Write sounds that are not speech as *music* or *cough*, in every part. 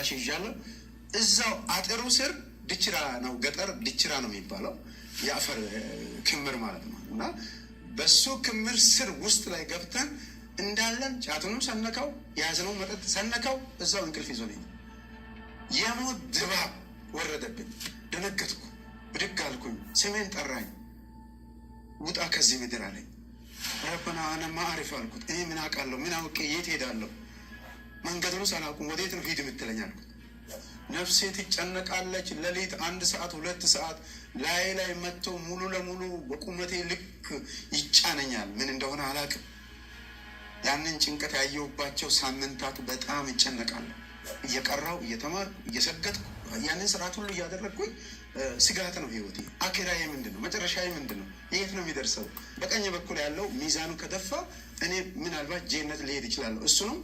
አዳራሽ ይዣለሁ። እዛው አጥሩ ስር ድችራ ነው፣ ገጠር ድችራ ነው የሚባለው የአፈር ክምር ማለት ነው። እና በሱ ክምር ስር ውስጥ ላይ ገብተን እንዳለን ጫትኑም ሰነከው፣ የያዝነው መጠጥ ሰነከው፣ እዛው እንቅልፍ ነኝ የሞት ድባብ ወረደብኝ። ደነገጥኩ፣ ብድግ አልኩኝ። ስሜን ጠራኝ። ውጣ ከዚህ ምድር አለኝ። ረኮና አነ ማዕሪፍ አልኩት። እኔ ምን አውቃለሁ? ምን አውቄ የት ሄዳለሁ? መንገዱን ሳላውቅም ወዴት ነው ሂድ የምትለኛል? ነፍሴ ትጨነቃለች። ሌሊት አንድ ሰዓት ሁለት ሰዓት ላይ ላይ መጥቶ ሙሉ ለሙሉ በቁመቴ ልክ ይጫነኛል። ምን እንደሆነ አላውቅም። ያንን ጭንቀት ያየሁባቸው ሳምንታት በጣም እጨነቃለሁ። እየቀራው እየተማር እየሰገጥኩ ያንን ስርዓት ሁሉ እያደረግኩኝ ስጋት ነው ህይወቴ። አኬራዬ ምንድን ነው? መጨረሻዬ ምንድን ነው? የት ነው የሚደርሰው? በቀኝ በኩል ያለው ሚዛኑ ከደፋ እኔ ምናልባት ጄነት ሊሄድ ይችላለሁ። እሱንም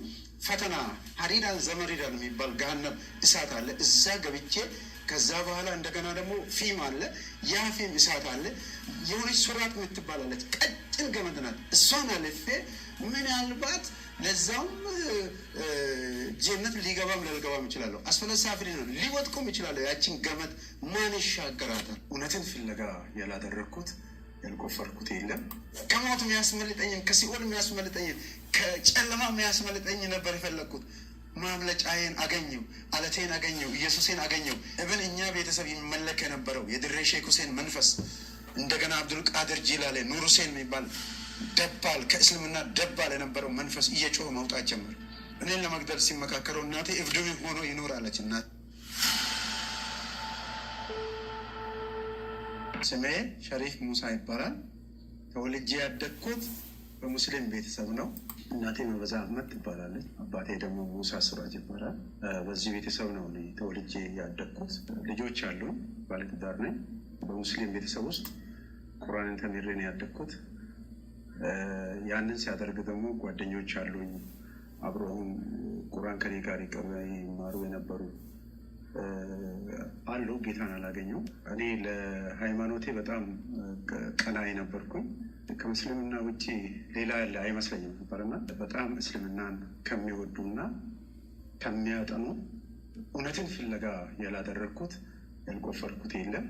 ፈተና ሀዲዳን ዘመሪዳን የሚባል ገሃነም እሳት አለ። እዛ ገብቼ ከዛ በኋላ እንደገና ደግሞ ፊም አለ። ያ ፊም እሳት አለ። የሆነች ሱራጥ የምትባላለች ቀጭን ገመድ ናት። እሷን አልፌ ምናልባት ለዛውም ጀነት ሊገባም ላልገባም ይችላለሁ። አስፈለሳፊ ነው፣ ሊወጥቁም ይችላለሁ። ያችን ገመድ ማን ይሻገራታል? እውነትን ፍለጋ ያላደረግኩት ያልቆፈርኩት የለም። ከሞት የሚያስመልጠኝን ከሲኦል የሚያስመልጠኝን ከጨለማ የሚያስመልጠኝ ነበር የፈለግኩት። ማምለጫዬን አገኘው፣ አለቴን አገኘው፣ ኢየሱሴን አገኘው። እብን እኛ ቤተሰብ የሚመለክ የነበረው የድሬ ሼክ ሁሴን መንፈስ እንደገና አብዱል ቃድር ጂላሌ ኑር ሁሴን የሚባል ደባል ከእስልምና ደባል የነበረው መንፈስ እየጮኸ መውጣት ጀመር። እኔን ለመግደል ሲመካከረው እናቴ እብድም ሆኖ ይኖራለች አለች። ስሜ ሸሪፍ ሙሳ ይባላል። ተወልጄ ያደግኩት በሙስሊም ቤተሰብ ነው። እናቴ መበዛ አህመድ ትባላለች። አባቴ ደግሞ ሙሳ ሱራጅ ይባላል። በዚህ ቤተሰብ ነው ተወልጄ ያደግኩት። ልጆች አሉኝ። ባለትዳር ነኝ። በሙስሊም ቤተሰብ ውስጥ ቁርአንን ተምሬ ነው ያደግኩት። ያንን ሲያደርግ ደግሞ ጓደኞች አሉኝ። አብረውን ቁርአን ከኔ ጋር ይቀሩ ይማሩ የነበሩ አሉ ጌታን አላገኘው። እኔ ለሃይማኖቴ በጣም ቀናኢ ነበርኩኝ። ከምስልምና ውጭ ሌላ ያለ አይመስለኝም ነበርና በጣም እስልምናን ከሚወዱና ከሚያጠኑ እውነትን ፍለጋ ያላደረግኩት ያልቆፈርኩት የለም።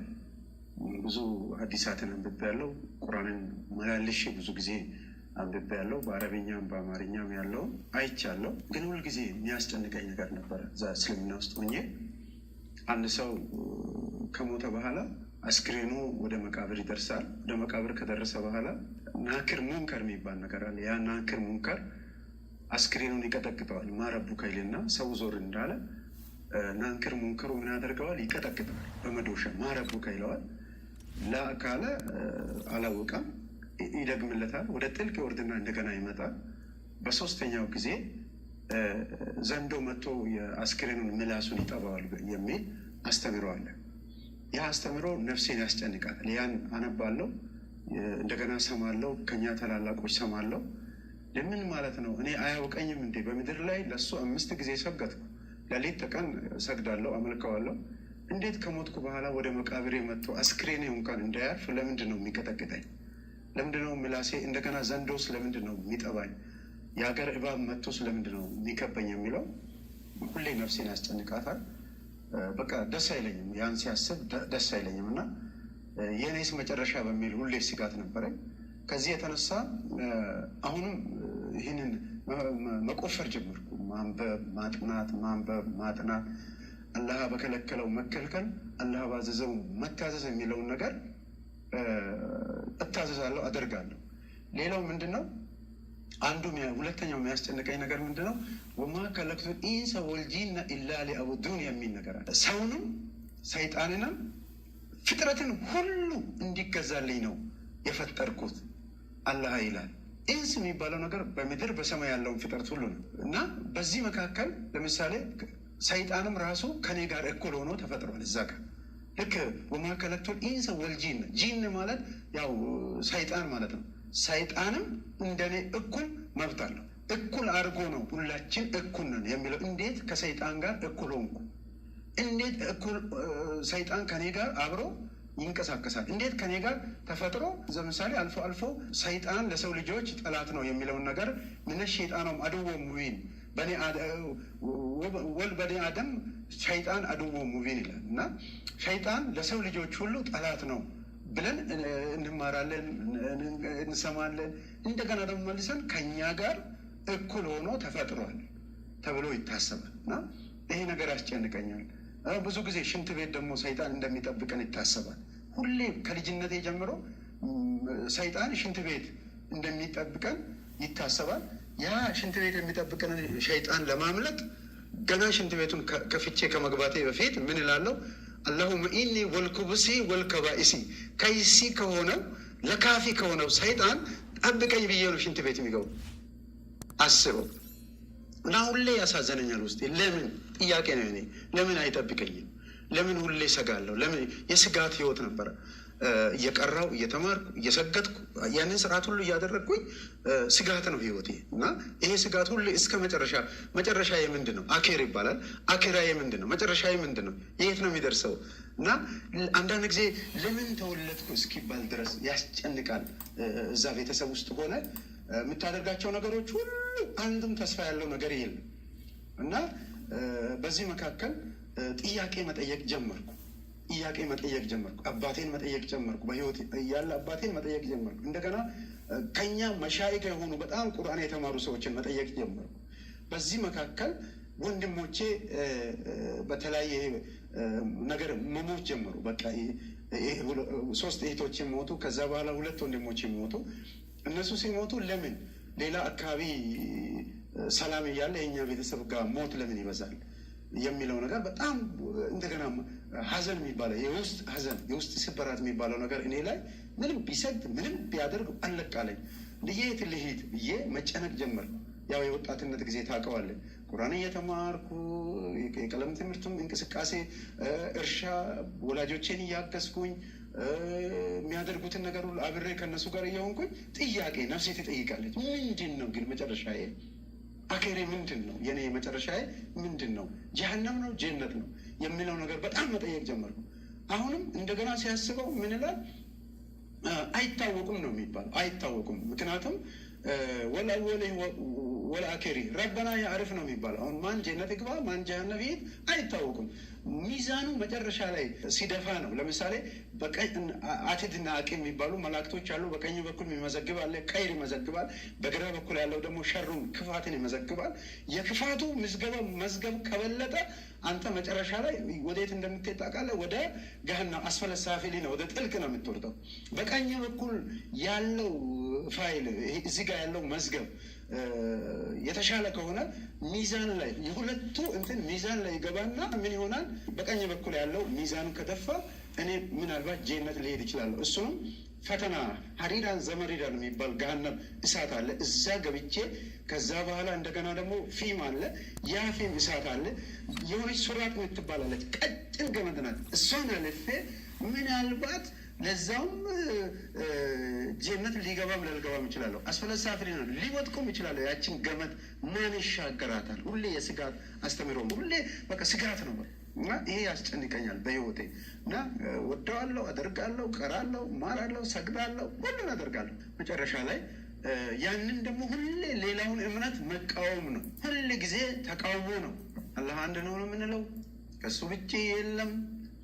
ብዙ ሐዲሳትን ያለው ቁራንን መላልሼ ብዙ ጊዜ ያለው በአረብኛም በአማርኛም ያለው አይቻለው። ግን ሁልጊዜ የሚያስጨንቀኝ ነገር ነበረ እዛ እስልምና ውስጥ ሆኜ አንድ ሰው ከሞተ በኋላ አስክሬኑ ወደ መቃብር ይደርሳል። ወደ መቃብር ከደረሰ በኋላ ናክር ሙንከር የሚባል ነገር አለ። ያ ናክር ሙንከር አስክሬኑን ይቀጠቅጠዋል። ማረቡ ከይልና ሰው ዞር እንዳለ ናንክር ሙንክሩ ምን ያደርገዋል? ይቀጠቅጠዋል በመዶሻ ማረቡ ከይለዋል። ላካለ አላወቀም፣ ይደግምለታል። ወደ ጥልቅ ወርድና እንደገና ይመጣል። በሶስተኛው ጊዜ ዘንዶ መጥቶ የአስክሬኑን ምላሱን ይጠባዋል የሚል አስተምሮ አለ። ይህ አስተምሮ ነፍሴን ያስጨንቃታል። ያን አነባለው፣ እንደገና ሰማለው፣ ከኛ ተላላቆች ሰማለው። ለምን ማለት ነው? እኔ አያውቀኝም እንዴ? በምድር ላይ ለሱ አምስት ጊዜ ሰገት ለሌት ተቀን ሰግዳለሁ፣ አመልከዋለው። እንዴት ከሞትኩ በኋላ ወደ መቃብሬ መጥቶ አስክሬኔ እንኳን እንዳያርፍ ለምንድን ነው የሚቀጠቅጠኝ? ለምንድን ነው ምላሴ እንደገና ዘንዶስ ለምንድን ነው የሚጠባኝ? የሀገር እባብ መጥቶ ስለምንድን ነው የሚከበኝ የሚለው ሁሌ ነፍሴን ያስጨንቃታል። በቃ ደስ አይለኝም፣ ያን ሲያስብ ደስ አይለኝም እና የእኔስ መጨረሻ በሚል ሁሌ ስጋት ነበረኝ። ከዚህ የተነሳ አሁንም ይህንን መቆፈር ጀመርኩ። ማንበብ፣ ማጥናት፣ ማንበብ፣ ማጥናት፣ አላህ በከለከለው መከልከል፣ አላህ ባዘዘው መታዘዝ የሚለውን ነገር እታዘዛለሁ፣ አደርጋለሁ። ሌላው ምንድን ነው አንዱ ሁለተኛው የሚያስጨንቀኝ ነገር ምንድነው ነው? ወማ ከለክቱ ኢንሰ ወልጂነ ኢላ ሊአቡዱን የሚል ነገር አለ። ሰውንም ሰይጣንንም ፍጥረትን ሁሉ እንዲገዛልኝ ነው የፈጠርኩት አላህ ይላል። ኢንስ የሚባለው ነገር በምድር በሰማይ ያለውን ፍጥረት ሁሉ ነው እና በዚህ መካከል ለምሳሌ ሰይጣንም ራሱ ከኔ ጋር እኩል ሆኖ ተፈጥሯል እዛ ጋር ልክ ወማ ከለክቱ ኢንሰ ወልጂና ጂን ማለት ያው ሰይጣን ማለት ነው ሰይጣንም እንደኔ እኩል መብት አለው። እኩል አድርጎ ነው ሁላችን እኩል ነን የሚለው። እንዴት ከሰይጣን ጋር እኩል ሆንኩ? እንዴት እኩል ሰይጣን ከኔ ጋር አብሮ ይንቀሳቀሳል? እንዴት ከኔ ጋር ተፈጥሮ ለምሳሌ አልፎ አልፎ ሰይጣን ለሰው ልጆች ጠላት ነው የሚለውን ነገር ምን ሸይጣኖም አድዎ ሙቢን ወል በኔ አደም ሸይጣን አድዎ ሙቢን ይላል እና ሸይጣን ለሰው ልጆች ሁሉ ጠላት ነው ብለን እንማራለን፣ እንሰማለን። እንደገና ደግሞ መልሰን ከኛ ጋር እኩል ሆኖ ተፈጥሯል ተብሎ ይታሰባል እና ይሄ ነገር ያስጨንቀኛል። ብዙ ጊዜ ሽንት ቤት ደግሞ ሰይጣን እንደሚጠብቀን ይታሰባል። ሁሌም ከልጅነቴ ጀምሮ ሰይጣን ሽንት ቤት እንደሚጠብቀን ይታሰባል። ያ ሽንት ቤት የሚጠብቀን ሸይጣን ለማምለጥ ገና ሽንት ቤቱን ከፍቼ ከመግባቴ በፊት ምን እላለሁ? አላሁመ ኢኒ ወልኩቡሲ ወልከባኢሲ ከይሲ ከሆነው ለካፊ ከሆነው ሰይጣን ጠብቀኝ ብዬ ነው ሽንት ቤት የሚገቡ አስበው እና ሁሌ ያሳዘነኛል ውስጤ። ለምን ጥያቄ ነው እኔ ለምን አይጠብቀኝም? ለምን ሁሌ ሰጋለሁ? ለምን የስጋት ህይወት ነበረ። እየቀራው እየተማርኩ እየሰገጥኩ ያንን ስርዓት ሁሉ እያደረግኩኝ ስጋት ነው ህይወቴ እና ይሄ ስጋት ሁሉ እስከ መጨረሻ መጨረሻ የምንድ ነው አኬር ይባላል አኬራ የምንድ ነው መጨረሻ የምንድ ነው የት ነው የሚደርሰው እና አንዳንድ ጊዜ ለምን ተወለድኩ እስኪባል ድረስ ያስጨንቃል እዛ ቤተሰብ ውስጥ ሆነ የምታደርጋቸው ነገሮች ሁሉ አንድም ተስፋ ያለው ነገር የለም እና በዚህ መካከል ጥያቄ መጠየቅ ጀመርኩ ጥያቄ መጠየቅ ጀመርኩ። አባቴን መጠየቅ ጀመርኩ። በህይወት እያለ አባቴን መጠየቅ ጀመርኩ። እንደገና ከኛ መሻይከ የሆኑ በጣም ቁርአን የተማሩ ሰዎችን መጠየቅ ጀመርኩ። በዚህ መካከል ወንድሞቼ በተለያየ ነገር መሞት ጀመሩ። በቃ ሶስት እህቶች ሞቱ። ከዛ በኋላ ሁለት ወንድሞች ሞቱ። እነሱ ሲሞቱ ለምን ሌላ አካባቢ ሰላም እያለ የኛ ቤተሰብ ጋር ሞት ለምን ይበዛል የሚለው ነገር በጣም እንደገና ሀዘን የሚባለው የውስጥ ሀዘን የውስጥ ስብራት የሚባለው ነገር እኔ ላይ ምንም ቢሰግድ ምንም ቢያደርግ አለቃለኝ። ልየት ልሂድ ብዬ መጨነቅ ጀመር። ያው የወጣትነት ጊዜ ታውቀዋለህ። ቁራን እየተማርኩ የቀለም ትምህርቱም እንቅስቃሴ፣ እርሻ፣ ወላጆቼን እያገዝኩኝ የሚያደርጉትን ነገር ሁሉ አብሬ ከነሱ ጋር እየሆንኩኝ ጥያቄ ነፍሴ ትጠይቃለች። ምንድን ነው ግን መጨረሻዬ? አኬሬ ምንድን ነው? የኔ መጨረሻዬ ምንድን ነው? ጀሀነም ነው? ጀነት ነው? የሚለው ነገር በጣም መጠየቅ ጀመርኩ። አሁንም እንደገና ሲያስበው ምን ይላል? አይታወቁም ነው የሚባለው። አይታወቁም ምክንያቱም ወላወለ ወልአኬሪ ረበና ያዕርፍ ነው የሚባለው። አሁን ማን ጀነት ግባ ማን ጀሃነም ይሄድ አይታወቁም። ሚዛኑ መጨረሻ ላይ ሲደፋ ነው። ለምሳሌ አቲድና አቂ የሚባሉ መላእክቶች አሉ። በቀኝ በኩል የሚመዘግብ አለ፣ ቀይር ይመዘግባል። በግራ በኩል ያለው ደግሞ ሸሩን ክፋትን ይመዘግባል። የክፋቱ ምዝገባ መዝገብ ከበለጠ አንተ መጨረሻ ላይ ወዴት እንደምትሄድ ታውቃለህ። ወደ ገህና አስፈለ ሳፊሊ ነው፣ ወደ ጥልቅ ነው የምትወርደው። በቀኝ በኩል ያለው ፋይል እዚህ ጋር ያለው መዝገብ የተሻለ ከሆነ ሚዛን ላይ የሁለቱ እንትን ሚዛን ላይ ይገባና ምን ይሆናል? በቀኝ በኩል ያለው ሚዛን ከደፋ እኔ ምናልባት ጄነት ሊሄድ ይችላለሁ። እሱም ፈተና ሀሪዳን ዘመሪዳን የሚባል ገሃነም እሳት አለ። እዛ ገብቼ ከዛ በኋላ እንደገና ደግሞ ፊም አለ። ያ ፊም እሳት አለ። የሆነች ሱራት የምትባላለች ቀጭን ገመድ ናት። እሷን አልፌ ምናልባት ለዛውም ጀነት ሊገባም ላልገባም ይችላለሁ። አስፈለሳፍሪ ነው ሊወጥቁም ይችላለሁ። ያችን ገመት ማን ይሻገራታል? ሁሌ የስጋት አስተምሮ ሁሌ በቃ ስጋት ነው እና ይሄ ያስጨንቀኛል በህይወቴ እና ወደዋለሁ፣ አደርጋለሁ፣ ቀራለሁ፣ ማራለሁ፣ ሰግዳለሁ፣ ሁሉን አደርጋለሁ። መጨረሻ ላይ ያንን ደግሞ ሁሌ ሌላውን እምነት መቃወም ነው። ሁል ጊዜ ተቃውሞ ነው። አላህ አንድ ነው ነው የምንለው ከሱ ውጭ የለም።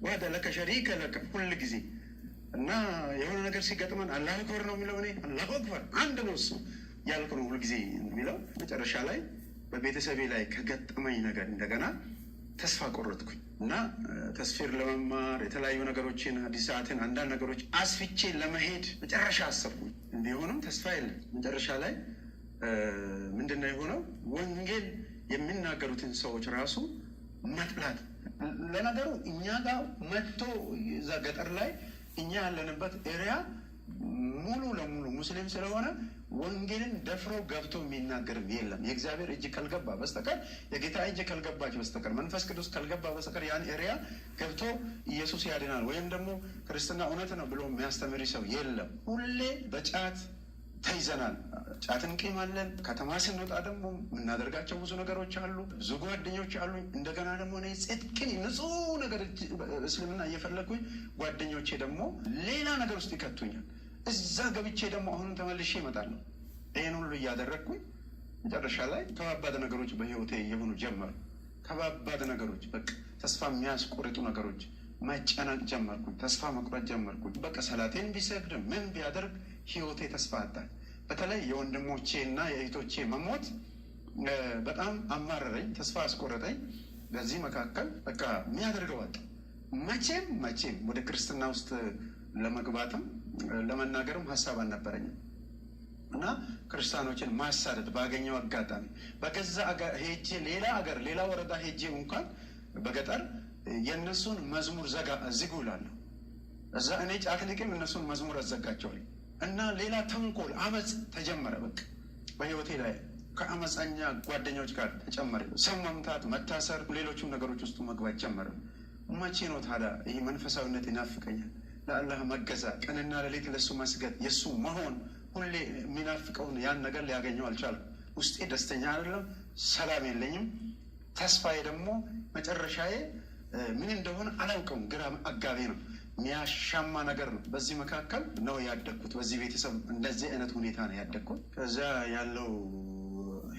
ዋደ ለከ ሸሪከ ለከ ሁል ጊዜ እና የሆነ ነገር ሲገጥመን አላህ አክበር ነው የሚለው። እኔ አላሁ አክበር አንድ ነው እሱ ያልኩ ነው ሁልጊዜ የሚለው። መጨረሻ ላይ በቤተሰቤ ላይ ከገጠመኝ ነገር እንደገና ተስፋ ቆረጥኩኝ እና ተስፊር ለመማር የተለያዩ ነገሮችን አዲስ ሰዓትን አንዳንድ ነገሮች አስፍቼ ለመሄድ መጨረሻ አሰብኩኝ። እንዲሆንም ተስፋ የለ። መጨረሻ ላይ ምንድን የሆነው? ወንጌል የሚናገሩትን ሰዎች ራሱ መጥላት። ለነገሩ እኛ ጋር መጥቶ እዛ ገጠር ላይ እኛ ያለንበት ኤሪያ ሙሉ ለሙሉ ሙስሊም ስለሆነ ወንጌልን ደፍሮ ገብቶ የሚናገርም የለም። የእግዚአብሔር እጅ ካልገባ በስተቀር የጌታ እጅ ካልገባች በስተቀር መንፈስ ቅዱስ ካልገባ በስተቀር ያን ኤሪያ ገብቶ ኢየሱስ ያድናል ወይም ደግሞ ክርስትና እውነት ነው ብሎ የሚያስተምር ሰው የለም። ሁሌ በጫት ተይዘናል። ጫትን አለን። ከተማ ስንወጣ ደግሞ የምናደርጋቸው ብዙ ነገሮች አሉ። ብዙ ጓደኞች አሉ። እንደገና ደግሞ እኔ ጽድቅን ንጹሕ ነገር እስልምና እየፈለግኩኝ ጓደኞቼ ደግሞ ሌላ ነገር ውስጥ ይከቱኛል። እዛ ገብቼ ደግሞ አሁንም ተመልሼ ይመጣለሁ። ይህን ሁሉ እያደረግኩኝ መጨረሻ ላይ ከባባድ ነገሮች በህይወቴ የሆኑ ጀመሩ። ከባባድ ነገሮች በቃ ተስፋ የሚያስቆርጡ ነገሮች መጨነቅ ጀመርኩኝ። ተስፋ መቁረጥ ጀመርኩኝ። በቃ ሰላቴን ቢሰግድ ምን ቢያደርግ ህይወቴ ተስፋ አጣኝ። በተለይ የወንድሞቼ እና የእህቶቼ መሞት በጣም አማረረኝ፣ ተስፋ አስቆረጠኝ። በዚህ መካከል በቃ የሚያደርገው አጣ። መቼም መቼም ወደ ክርስትና ውስጥ ለመግባትም ለመናገርም ሀሳብ አልነበረኝም እና ክርስቲያኖችን ማሳደድ ባገኘው አጋጣሚ በገዛ ሄጄ ሌላ አገር ሌላ ወረዳ ሄጄ እንኳን በገጠር የእነሱን መዝሙር ዘጋ ዝጉ እላለሁ። እዛ እኔ ጫክሊቅም እነሱን መዝሙር አዘጋቸዋለሁ። እና ሌላ ተንኮል አመፅ ተጀመረ። በቃ በህይወቴ ላይ ከአመፀኛ ጓደኞች ጋር ተጨመረ። ሰው መምታት፣ መታሰር፣ ሌሎችም ነገሮች ውስጡ መግባት ጀመረ። መቼ ነው ታዲያ ይህ መንፈሳዊነት ይናፍቀኛል? ለአላህ መገዛ፣ ቀንና ሌሊት ለሱ መስገድ፣ የእሱ መሆን ሁሌ የሚናፍቀውን ያን ነገር ሊያገኘው አልቻልኩም። ውስጤ ደስተኛ አይደለም፣ ሰላም የለኝም። ተስፋዬ ደግሞ መጨረሻዬ ምን እንደሆነ አላውቅም፣ ግራ አጋቤ ነው። የሚያሻማ ነገር ነው። በዚህ መካከል ነው ያደግኩት። በዚህ ቤተሰብ እንደዚህ አይነት ሁኔታ ነው ያደግኩት። ከዚያ ያለው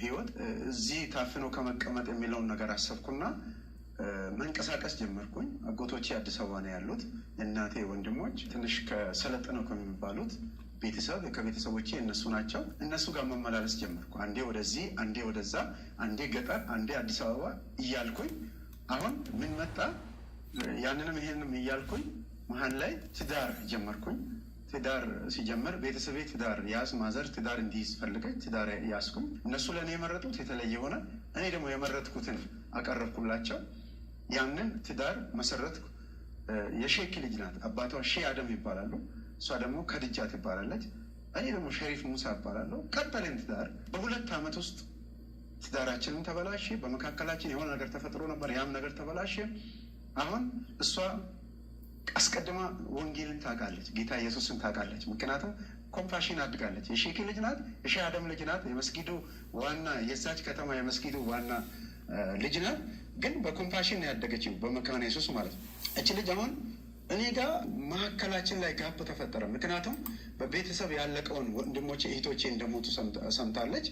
ህይወት እዚህ ታፍኖ ከመቀመጥ የሚለውን ነገር አሰብኩና መንቀሳቀስ ጀመርኩኝ። አጎቶቼ አዲስ አበባ ነው ያሉት። እናቴ ወንድሞች ትንሽ ከሰለጥነው ከሚባሉት ቤተሰብ ከቤተሰቦቼ እነሱ ናቸው። እነሱ ጋር መመላለስ ጀመርኩ። አንዴ ወደዚህ፣ አንዴ ወደዛ፣ አንዴ ገጠር፣ አንዴ አዲስ አበባ እያልኩኝ አሁን ምን መጣ ያንንም ይሄንም እያልኩኝ መሀል ላይ ትዳር ጀመርኩኝ። ትዳር ሲጀምር ቤተሰቤ ትዳር ያዝ ማዘር ትዳር እንዲይዝ ፈልገኝ ትዳር ያዝኩኝ። እነሱ ለእኔ የመረጡት የተለየ ሆነ። እኔ ደግሞ የመረጥኩትን አቀረብኩላቸው። ያንን ትዳር መሰረትኩ። የሼክ ልጅ ናት። አባቷ ሼህ አደም ይባላሉ። እሷ ደግሞ ከድጃ ትባላለች። እኔ ደግሞ ሸሪፍ ሙሳ ይባላለሁ። ቀጠለን ትዳር። በሁለት ዓመት ውስጥ ትዳራችንን ተበላሸ። በመካከላችን የሆነ ነገር ተፈጥሮ ነበር። ያም ነገር ተበላሸ። አሁን እሷ አስቀድማ ወንጌልን ታውቃለች፣ ጌታ ኢየሱስን ታውቃለች። ምክንያቱም ኮምፓሽን አድጋለች። የሼኪ ልጅ ናት፣ የሺህ አደም ልጅ ናት። የመስጊዱ ዋና የዛች ከተማ የመስጊዱ ዋና ልጅ ናት። ግን በኮምፓሽን ያደገችው በመካነ ኢየሱስ ማለት ነው። እች ልጅ አሁን እኔ ጋር መካከላችን ላይ ጋፕ ተፈጠረ። ምክንያቱም በቤተሰብ ያለቀውን ወንድሞቼ እህቶቼ እንደሞቱ ሰምታለች።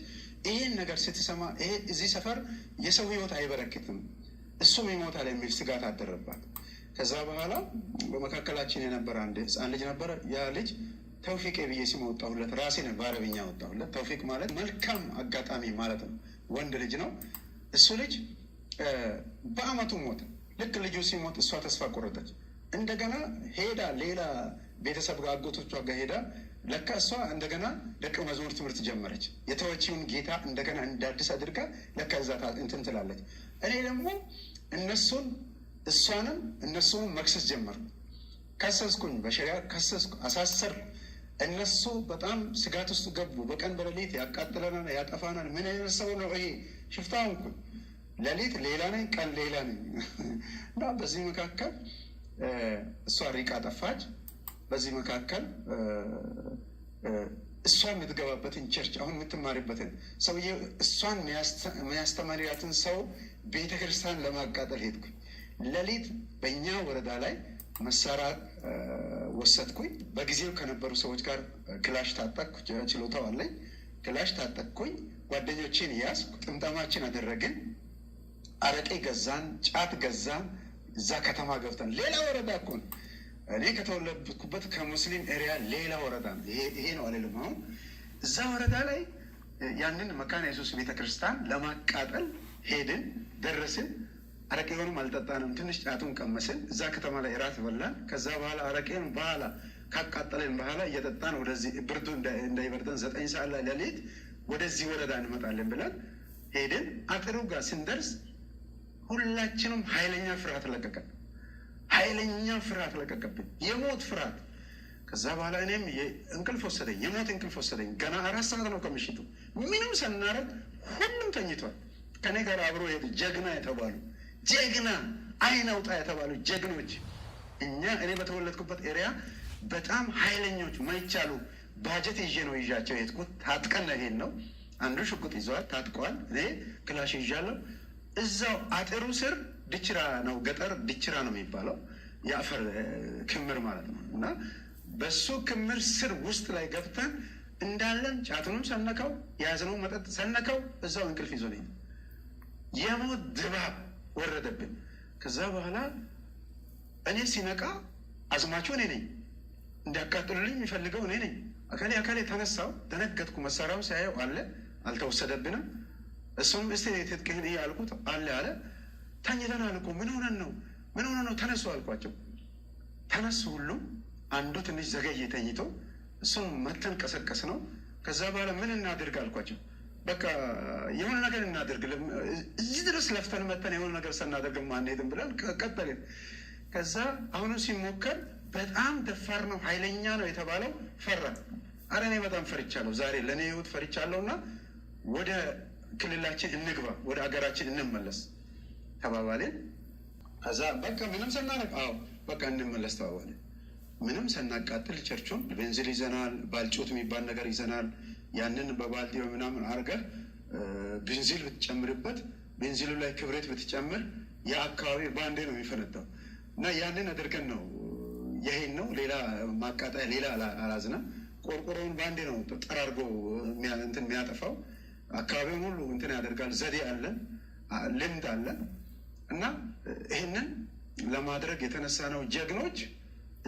ይሄን ነገር ስትሰማ ይሄ እዚህ ሰፈር የሰው ህይወት አይበረክትም እሱም ይሞታል የሚል ስጋት አደረባት። ከዛ በኋላ በመካከላችን የነበረ አንድ ህፃን ልጅ ነበረ። ያ ልጅ ተውፊቅ ብዬ ስም ወጣሁለት፣ ራሴ ነው በአረብኛ ወጣሁለት። ተውፊቅ ማለት መልካም አጋጣሚ ማለት ነው። ወንድ ልጅ ነው እሱ ልጅ። በአመቱ ሞተ። ልክ ልጁ ሲሞት እሷ ተስፋ ቆረጠች። እንደገና ሄዳ ሌላ ቤተሰብ ጋር አጎቶቿ ጋር ሄዳ ለካ እሷ እንደገና ደቀ መዝሙር ትምህርት ጀመረች። የተወችውን ጌታ እንደገና እንዳዲስ አድርጋ ለካ እዛ እንትን ትላለች። እኔ ደግሞ እነሱን እሷንም እነሱንም መክሰስ ጀመር። ከሰስኩኝ፣ በሸሪያ ከሰስኩ፣ አሳሰር። እነሱ በጣም ስጋት ውስጥ ገቡ። በቀን በሌሊት ያቃጥለናል፣ ያጠፋናል። ምን አይነት ሰው ነው ይሄ? ሽፍታ ሆንኩኝ። ሌሊት ሌላ ነኝ፣ ቀን ሌላ ነኝ። *laughs* እና በዚህ መካከል እሷ ሪቃ ጠፋች። በዚህ መካከል እሷ የምትገባበትን ቸርች አሁን የምትማሪበትን ሰውዬ እሷን የሚያስተማሪያትን ሰው ቤተክርስቲያን ለማቃጠል ሄድኩኝ። ለሊት በእኛ ወረዳ ላይ መሳሪያ ወሰድኩኝ። በጊዜው ከነበሩ ሰዎች ጋር ክላሽ ታጠቅኩ። ችሎታው አለኝ። ክላሽ ታጠቅኩኝ። ጓደኞቼን ያዝኩ። ጥምጠማችን አደረግን። አረቄ ገዛን፣ ጫት ገዛን። እዛ ከተማ ገብተን ሌላ ወረዳ እኮ ነው። እኔ ከተወለድኩበት ከሙስሊም ኤሪያ ሌላ ወረዳ ነው። ይሄ ነው አልልም። አሁን እዛ ወረዳ ላይ ያንን መካነ ኢየሱስ ቤተክርስቲያን ለማቃጠል ሄድን፣ ደረስን። ሆኖም አልጠጣንም። ትንሽ ጫቱን ቀመስን። እዛ ከተማ ላይ እራት በላን። ከዛ በኋላ አረቄን በኋላ ካቃጠለን በኋላ እየጠጣን ወደዚህ ብርዱ እንዳይበርጠን ዘጠኝ ሰዓት ላይ ሌሊት ወደዚህ ወረዳ እንመጣለን ብለን ሄደን አጥሩ ጋር ስንደርስ ሁላችንም ኃይለኛ ፍርሃት ለቀቀን። ኃይለኛ ፍርሃት ለቀቀብን፣ የሞት ፍርሃት። ከዛ በኋላ እኔም እንቅልፍ ወሰደኝ፣ የሞት እንቅልፍ ወሰደኝ። ገና አራት ሰዓት ነው ከምሽቱ። ምንም ሳናረግ ሁሉም ተኝቷል። ከኔ ጋር አብሮ ሄዱ ጀግና የተባሉ ጀግና አይናውጣ የተባሉ ጀግኖች እኛ እኔ በተወለድኩበት ኤሪያ በጣም ኃይለኞች ማይቻሉ ባጀት ይዤ ነው ይዣቸው የሄድኩት። ታጥቀን ይሄን ነው አንዱ ሽጉጥ ይዘዋል፣ ታጥቀዋል። እኔ ክላሽ ይዣለሁ። እዛው አጥሩ ስር ድችራ ነው ገጠር ድችራ ነው የሚባለው የአፈር ክምር ማለት ነው። እና በሱ ክምር ስር ውስጥ ላይ ገብተን እንዳለን ጫትኑም ሰነከው፣ የያዝነው መጠጥ ሰነከው፣ እዛው እንቅልፍ ይዞ ነው የሞት ድባብ ወረደብን ከዛ በኋላ እኔ ሲነቃ አዝማቹ እኔ ነኝ፣ እንዲያቃጥሉልኝ የሚፈልገው እኔ ነኝ። አካሌ አካሌ ተነሳው፣ ደነገጥኩ። መሳሪያው ሲያየው አለ አልተወሰደብንም። እሱም እስቲ ትጥቅህን እያልኩት አለ አለ። ተኝተናል እኮ ምን ሆነን ነው ምን ሆነ ነው ተነሱ አልኳቸው። ተነሱ ሁሉም። አንዱ ትንሽ ዘገየ ተኝቶ፣ እሱም መተን ቀሰቀስ ነው። ከዛ በኋላ ምን እናድርግ አልኳቸው። በቃ የሆነ ነገር እናደርግ፣ እዚህ ድረስ ለፍተን መተን የሆነ ነገር ስናደርግ ማንሄድም ብለን ቀጠልን። ከዛ አሁኑ ሲሞከር በጣም ደፋር ነው ኃይለኛ ነው የተባለው ፈራ። አረ እኔ በጣም ፈርቻለሁ፣ ዛሬ ለእኔ ህይወት ፈርቻለሁ እና ወደ ክልላችን እንግባ፣ ወደ አገራችን እንመለስ ተባባልን። ከዛ በቃ ምንም ስናደርግ አዎ በቃ እንመለስ ተባባልን። ምንም ስናቃጥል ቸርቹን ቤንዚል ይዘናል፣ ባልጮት የሚባል ነገር ይዘናል። ያንን በባልዲ ምናምን አድርገህ ቤንዚል ብትጨምርበት ቤንዚሉ ላይ ክብሬት ብትጨምር የአካባቢ ባንዴ ነው የሚፈነዳው። እና ያንን አድርገን ነው ይሄን ነው ሌላ ማቃጠያ ሌላ አላዝና ቆርቆሮውን ባንዴ ነው ጠራርጎ እንትን የሚያጠፋው። አካባቢውን ሁሉ እንትን ያደርጋል። ዘዴ አለን፣ ልምድ አለን። እና ይህንን ለማድረግ የተነሳ ነው ጀግኖች።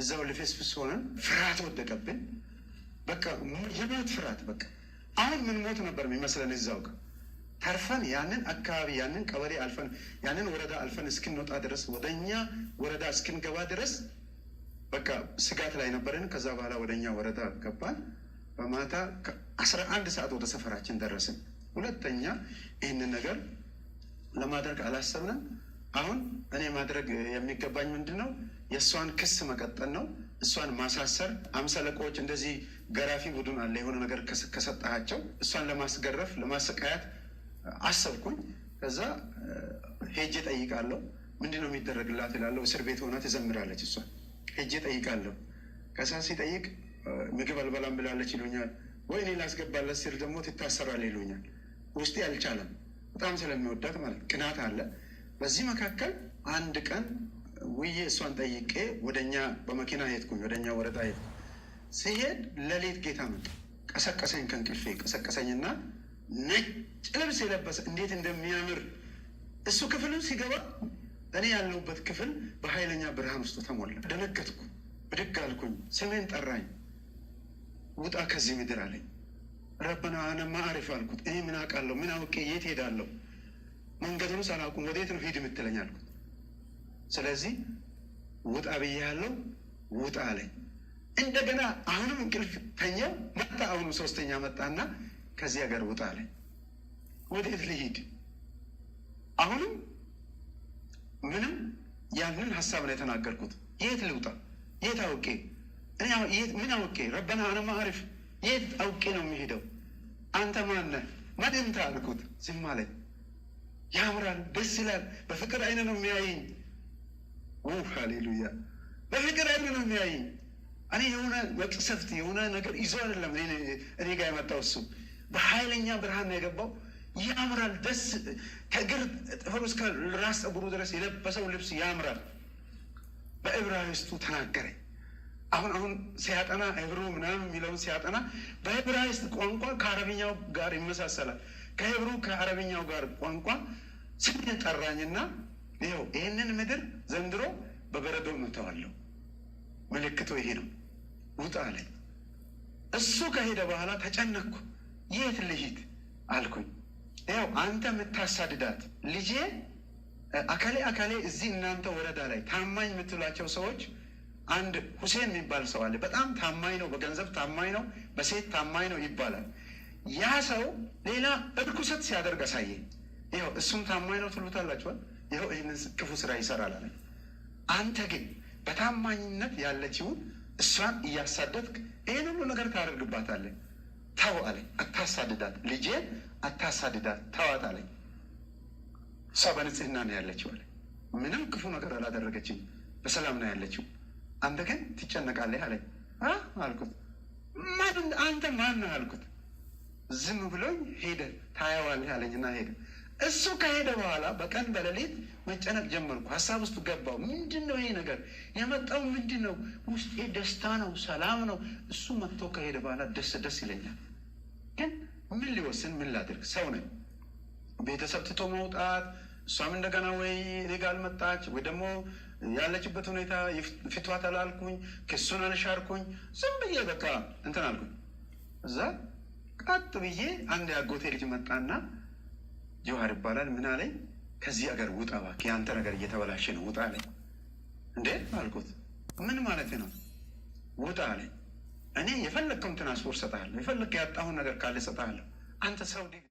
እዛው ልፌስፍስ ሆነን ፍርሃት ወደቀብን። በቃ የሞት ፍርሃት በቃ አሁን ምን ሞት ነበር የሚመስለን እዛው ጋር ተርፈን ያንን አካባቢ ያንን ቀበሌ አልፈን ያንን ወረዳ አልፈን እስክንወጣ ድረስ ወደኛ ወረዳ እስክንገባ ድረስ በቃ ስጋት ላይ ነበርን። ከዛ በኋላ ወደኛ ወረዳ ገባን። በማታ አስራ አንድ ሰዓት ወደ ሰፈራችን ደረስን። ሁለተኛ ይህንን ነገር ለማድረግ አላሰብንም። አሁን እኔ ማድረግ የሚገባኝ ምንድን ነው? የእሷን ክስ መቀጠል ነው። እሷን ማሳሰር አምሰለቆዎች እንደዚህ ገራፊ ቡድን አለ። የሆነ ነገር ከሰጠሃቸው እሷን ለማስገረፍ ለማሰቃያት አሰብኩኝ። ከዛ ሄጄ ጠይቃለሁ። ምንድን ነው የሚደረግላት እላለሁ። እስር ቤት ሆና ትዘምራለች። እሷ ሄጄ ጠይቃለሁ። ከሳ ሲጠይቅ ምግብ አልበላም ብላለች ይሉኛል። ወይ እኔ ላስገባለት ሲል ደግሞ ትታሰራል ይሉኛል። ውስጤ አልቻለም። በጣም ስለሚወዳት ማለት ቅናት አለ። በዚህ መካከል አንድ ቀን ውዬ እሷን ጠይቄ ወደኛ በመኪና ሄድኩኝ፣ ወደኛ ወረዳ ሄድኩ። ሲሄድ ለሌት ጌታ መጣ። ቀሰቀሰኝ ከእንቅልፌ ቀሰቀሰኝና ነጭ ልብስ የለበሰ እንዴት እንደሚያምር እሱ ክፍልም ሲገባ እኔ ያለሁበት ክፍል በኃይለኛ ብርሃን ውስጥ ተሞላ። ደነገጥኩ፣ ብድግ አልኩኝ። ስሜን ጠራኝ። ውጣ ከዚህ ምድር አለኝ። ረብና አነ ማዕሪፍ አልኩት። እኔ ምን አውቃለሁ? ምን አውቄ የት ሄዳለሁ? መንገዱን ሳላውቅም ወዴት ነው ሂድ የምትለኝ አልኩት። ስለዚህ ውጣ ብዬ ያለው ውጣ አለኝ። እንደገና አሁንም እንቅልፍ ተኛ። መጣ አሁኑ ሶስተኛ መጣና ከዚህ ሀገር ውጣ አለኝ። ወዴት ልሂድ? አሁንም ምንም ያንን ሀሳብ ነው የተናገርኩት። የት ልውጣ? የት አውቄ ምን አውቄ ረበና አነ አሪፍ የት አውቄ ነው የሚሄደው? አንተ ማነህ? መድንተ አልኩት። ዝም አለኝ። ያምራል፣ ደስ ይላል። በፍቅር አይነ ነው የሚያይኝ። ሃሌሉያ! በፍቅር አይነ ነው የሚያይኝ እኔ የሆነ መቅሰፍት የሆነ ነገር ይዞ አይደለም እኔ ጋር የመጣው እሱ በኃይለኛ ብርሃን ነው የገባው። ያምራል። ደስ ከእግር ጥፍሩ እስከ ራስ ጠጉሩ ድረስ የለበሰው ልብስ ያምራል። በዕብራይስጡ ተናገረኝ። አሁን አሁን ሲያጠና ዕብሩ ምናምን የሚለውን ሲያጠና በዕብራይስጥ ቋንቋ ከአረብኛው ጋር ይመሳሰላል። ከዕብሩ ከአረብኛው ጋር ቋንቋ ስሜን ጠራኝና ይኸው ይህንን ምድር ዘንድሮ በበረዶ መተዋለሁ ምልክቱ ይሄ ነው፣ ውጣ አለኝ። እሱ ከሄደ በኋላ ተጨነቅኩ። የት ልሂድ አልኩኝ። ያው አንተ የምታሳድዳት ልጄ አካሌ አካሌ እዚህ እናንተ ወረዳ ላይ ታማኝ የምትሏቸው ሰዎች አንድ ሁሴን የሚባል ሰው አለ። በጣም ታማኝ ነው፣ በገንዘብ ታማኝ ነው፣ በሴት ታማኝ ነው ይባላል። ያ ሰው ሌላ እርኩሰት ሲያደርግ አሳየ። ይኸው እሱም ታማኝ ነው ትሉታላችኋል። ይኸው ይህንን ክፉ ስራ ይሰራል አለ። አንተ ግን በታማኝነት ያለችውን እሷን እያሳደድክ ይህን ሁሉ ነገር ታደርግባታለህ። ተው አለኝ። አታሳድዳት፣ ልጄን አታሳድዳት፣ ተዋት አለኝ። እሷ በንጽህና ነው ያለችው አለ። ምንም ክፉ ነገር አላደረገችም፣ በሰላም ነው ያለችው። አንተ ግን ትጨነቃለህ አለኝ። አልኩት አንተ ማን አልኩት። ዝም ብሎኝ ሄደ። ታያዋለህ አለኝና ሄደ። እሱ ከሄደ በኋላ በቀን በሌሊት መጨነቅ ጀመርኩ። ሀሳብ ውስጥ ገባው። ምንድን ነው ይሄ ነገር የመጣው? ምንድን ነው ውስጤ? ደስታ ነው፣ ሰላም ነው። እሱ መጥቶ ከሄደ በኋላ ደስ ደስ ይለኛል። ግን ምን ሊወስን ምን ላድርግ? ሰው ነኝ። ቤተሰብ ትቶ መውጣት እሷም እንደገና ወይ ሌጋል መጣች ወይ ደግሞ ያለችበት ሁኔታ ፊቷ ተላልኩኝ፣ ክሱን አንሻርኩኝ፣ ዝም ብዬ በቃ እንትን አልኩኝ። እዛ ቀጥ ብዬ አንድ ያጎቴ ልጅ መጣና ጀዋር ይባላል። ምን አለኝ? ከዚህ ሀገር ውጣ እባክህ፣ የአንተ ነገር እየተበላሸ ነው፣ ውጣ አለኝ። እንዴ አልኩት። ምን ማለት ነው ውጣ አለኝ። እኔ የፈለግከውን ትራንስፖርት ሰጣለሁ፣ የፈለግከው ያጣሁን ነገር ካለ ሰጣለሁ። አንተ ሰው